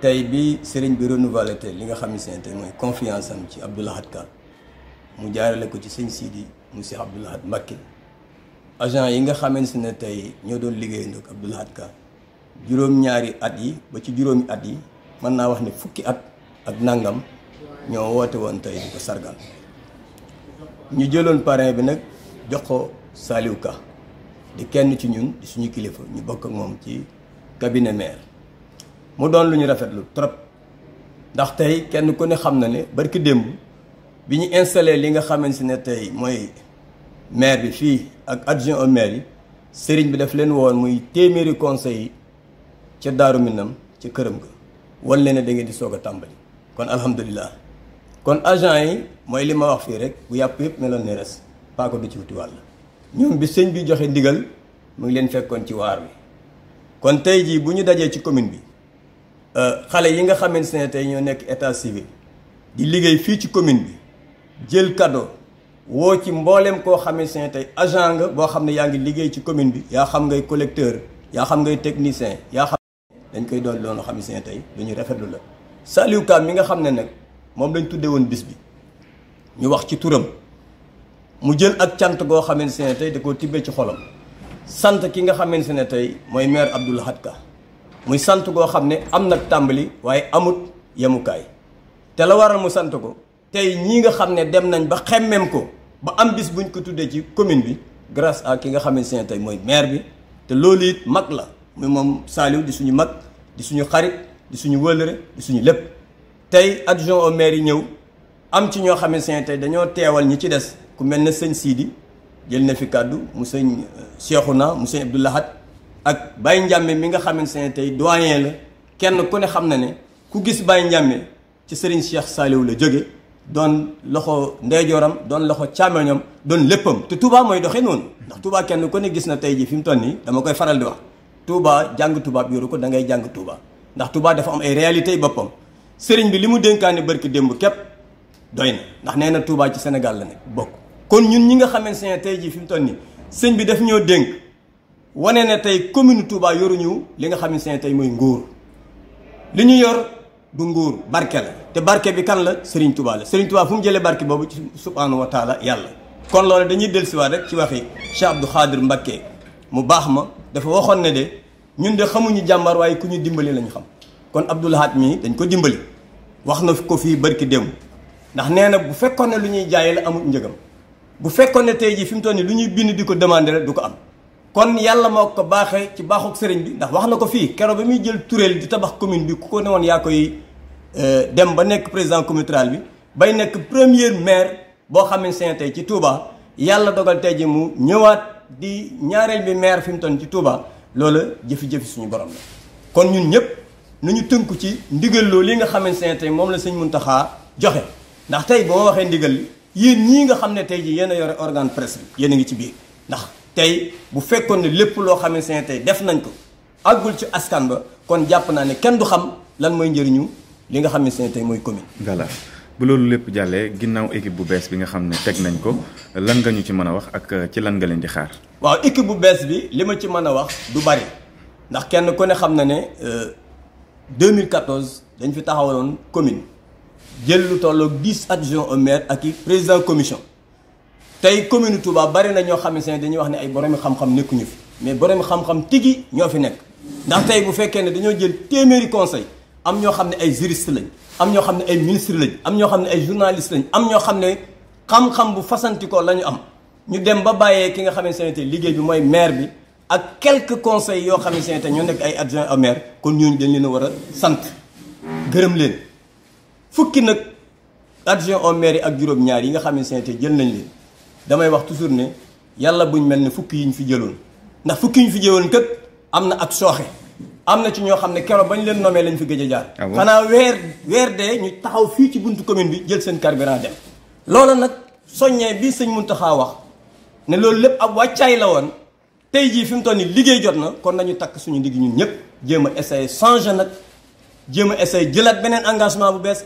tey bi sëriñ bi renouvelé te li nga xam ne seen mooy confiance am ci Abdou Lahad Ka mu jaarale ko ci sëñ Sidi mu si Abdou Lahad agent yi nga si ne tey ñoo doon liggéeyandoo ak Abdou Lahad Ka juróom-ñaari at yi ba ci juróom at yi mën naa wax ne fukki at ak nangam ñoo woote woon tey di ko sargal ñu jëloon parrain bi nag jox ko Saliou Ka di kenn ci ñun di suñu kilifa ñu bokk ak moom ci cabinet maire mu doon lu ñu rafetlu trop ndax tey kenn ku ne xam na ne barki démb bi ñu installé li nga xaman si ne tey mooy maire bi fii ak adjoint au maire yi sëriñ bi daf leen woon muy téeméeri conseil yi ca Daaru Minam ca këram ga wan leen ne da ngeen di soog a tàmbali kon alhamdulilah kon agent yi mooy li ma wax fii rek bu yàpp yëpp meloon ne res paako du ci wuti wàll ñoom bi sëñ bi joxe ndigal mu ngi leen fekkoon ci waar bi kon tey jii bu ñu dajee ci commune bi xale yi nga xamante ne tey ñoo nekk état civil di liggéey fii ci commune bi jël cadeau woo ci mbooleem koo xamante ne tey agent nga boo xam ne yaa ngi liggéey ci commune bi yaa xam ngay collecteur yaa xam ngay technicien yaa xam ne dañ koy doon loolu xamante ne tey lu ñu rafetlu la Saliou Ka mi nga xam ne nag moom lañu tuddee woon bis bi ñu wax ci turam mu jël ak cant goo xamante ne tey da koo tibbee ci xolam sant ki nga xamante ne tey mooy maire Abdoul Ka muy sant goo xam ne am nag tàmbali waaye amut yemukaay te la waral mu sant ko tey ñii nga xam ne dem nañ ba xemmem ko ba am bis buñ ko tuddee ci commune bi grace à ki nga xam ne tey mooy maire bi te loolu it mag la muy moom Saliou di suñu mag di suñu xarit di suñu wëlëre di suñu lépp tey adjoint au maire yi ñëw am ci ñoo xamante ne tey dañoo teewal ñi ci des ku mel ne sëñ Sidi jël na fi kàddu mu sëñ euh, Cheikhouna mu sëñ Abdoulahat ak bay Ndiame mi nga xamante ne tey doyen la kenn ku ne xam na ne ku gis bay Ndiame ci Serigne Cheikh Saliou la jóge doon loxo ndeyjooram doon loxo càmmoñam doon léppam te Touba mooy doxee noonu ndax Touba kenn ku ne gis na tey ji fi mu toll nii dama koy faral di wax Touba jàng tubaab yoru ko da ngay jàng Touba ndax dafa am ay réalités boppam sëriñ bi li mu dénkaane barki démb képp doy ndax nee na Touba ci Sénégal la kon ñun ñi nga xamante ne tey jii fi mu toll nii sëñ bi daf ñoo dénk. wane na tey commune Touba yoruñu li nga xam ne tey mooy nguur li ñu yor du nguur barke la te barke bi kan la Serigne Touba la Serigne Touba fu mu jëlee barke boobu ci subhaanahu wa taala yàlla. kon loolu dañuy dellusiwaat rek ci waxi Cheikh Abdou Khadir Mbacké mu baax ma dafa waxoon ne de ñun de xamuñu jàmbaar waaye ku ñu dimbali lañ xam kon Abdou Lahad mii dañ ko dimbali wax na ko fii barki démb ndax nee na bu fekkoon ne lu ñuy jaay la amul njëgam bu fekkoon ne tey jii fi mu toll nii lu ñuy bind di ko demander rek du ko am. kon yàlla moo ko baaxee ci baaxuk sëriñ bi ndax wax na ko fii keroog ba muy jël tureel di tabax commune bi ku ko ne woon yaa koy euh, dem ba nekk président communauté rurale bi bay nekk premier maire boo xam ne seen tey ci Touba yàlla dogal tey ji mu ñëwaat di ñaareel bi maire fi mu toll ci Touba loola jëfi-jëfi suñu borom la kon ñun ñëpp nu ñu tënku ci ndigal loolu yi nga xam ne seen tey moom la sëñ Muntaxa joxe ndax tey bu ma waxee ndigal li yéen ñii nga xam ne tey ji yéen a yore organe yéen a ngi ci biir tey bu fekkoon ne lépp loo xamante ne tey def nañ ko àggul ci askan ba kon jàpp naa ne kenn du xam lan mooy njëriñu li nga xamante ne tey mooy commune. la bu loolu lépp jàllee ginnaaw équipe bu bees bi nga xam ne teg nañ ko lan nga ñu ci mën a wax ak ci lan nga leen di xaar. waaw équipe bu bees bi li ma ci mën a wax du bari ndax kenn ku ne xam na ne 2014 euh, dañ fi taxawaloon commune jël lu tolloog gis adjoints au maire ak i président commission. tey commune Touba bari na ñoo xamante ne dañuy wax ne ay borom xam-xam nekkuñu fi mais borom xam-xam tigi ñoo fi nekk ndax tey bu fekkee ne dañoo jël téeméeri conseil am ñoo xam ne ay juriste lañ am ñoo xam ne ay ministre lañ am ñoo xam ne ay journaliste lañ am ñoo xam ne xam-xam bu fasantikoo la ñu am ñu dem ba bàyyee ki nga xam ne tey liggéey bi mooy maire bi ak quelque conseil yoo xamante ne tey ñoo nekk ay adjoint au kon ñu dañ leen war a sant gërëm leen fukki nag adjoint au maire ak juróom yi nga xamante ne tey jël nañ leen damay wax toujours ne yàlla buñ mel ne fukki yi ñu fi jëloon ndax fukki yi ñu fi jëloon kët am na ak sooxe am na ci ñoo xam ne keroog bañ leen nommé lañ fi gëj a jaar. Ah xanaa weer weer de ñu taxaw fii ci buntu commune bi jël seen carburant dem. loolu nag soññee bii sëñ taxaw wax ne loolu lépp ab wàccaay la woon tey jii fi mu toll nii liggéey jot na kon nañu takk suñu ndigg ñun ñëpp jéem a essayé nag jéem a essayé jëlaat beneen engagement bu bees.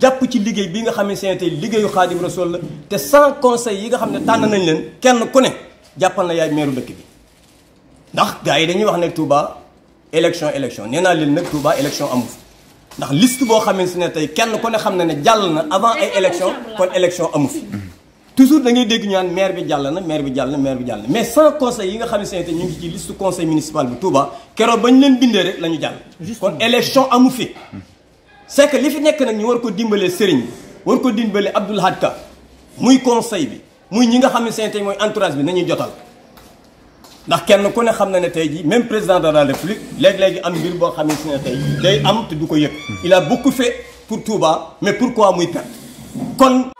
jàpp ci liggéey bi nga xamante ne tey liggéeyu xaadim rasul la te sans conseil yi nga xam ne tànn nañ leen kenn ko ne jàppal na yaay meeru dëkk bi ndax gaa yi dañuy wax ne Touba élection élection nee naa leen nag Touba élection amu fi ndax liste boo xamante ne tey kenn ku ne xam ne ne jàll na avant ay élection kon élection amu fi toujours da ngay dégg ñu naan maire bi jàll na maire bi jàll na maire bi jàll na mais sans conseil yi nga xamante ne tey ñu ngi ci liste conseil municipal bu Touba keroog ba leen bindee rek la ñu jàll kon élection amu fi c'est li fi nekk nag ñu war ko dimbalee sëriñ bi war ko dimbalee Abdoul Ahad Ka muy conseil bi muy ñi nga xam ne seen tey mooy entourage bi nañuy jotal ndax kenn ku ne xam na ne tey jii même président de la république léegi-léegi am mbir boo xam ne si ne tey day am te du ko yëg il a beaucoup fait pour Touba mais pourquoi muy perte kon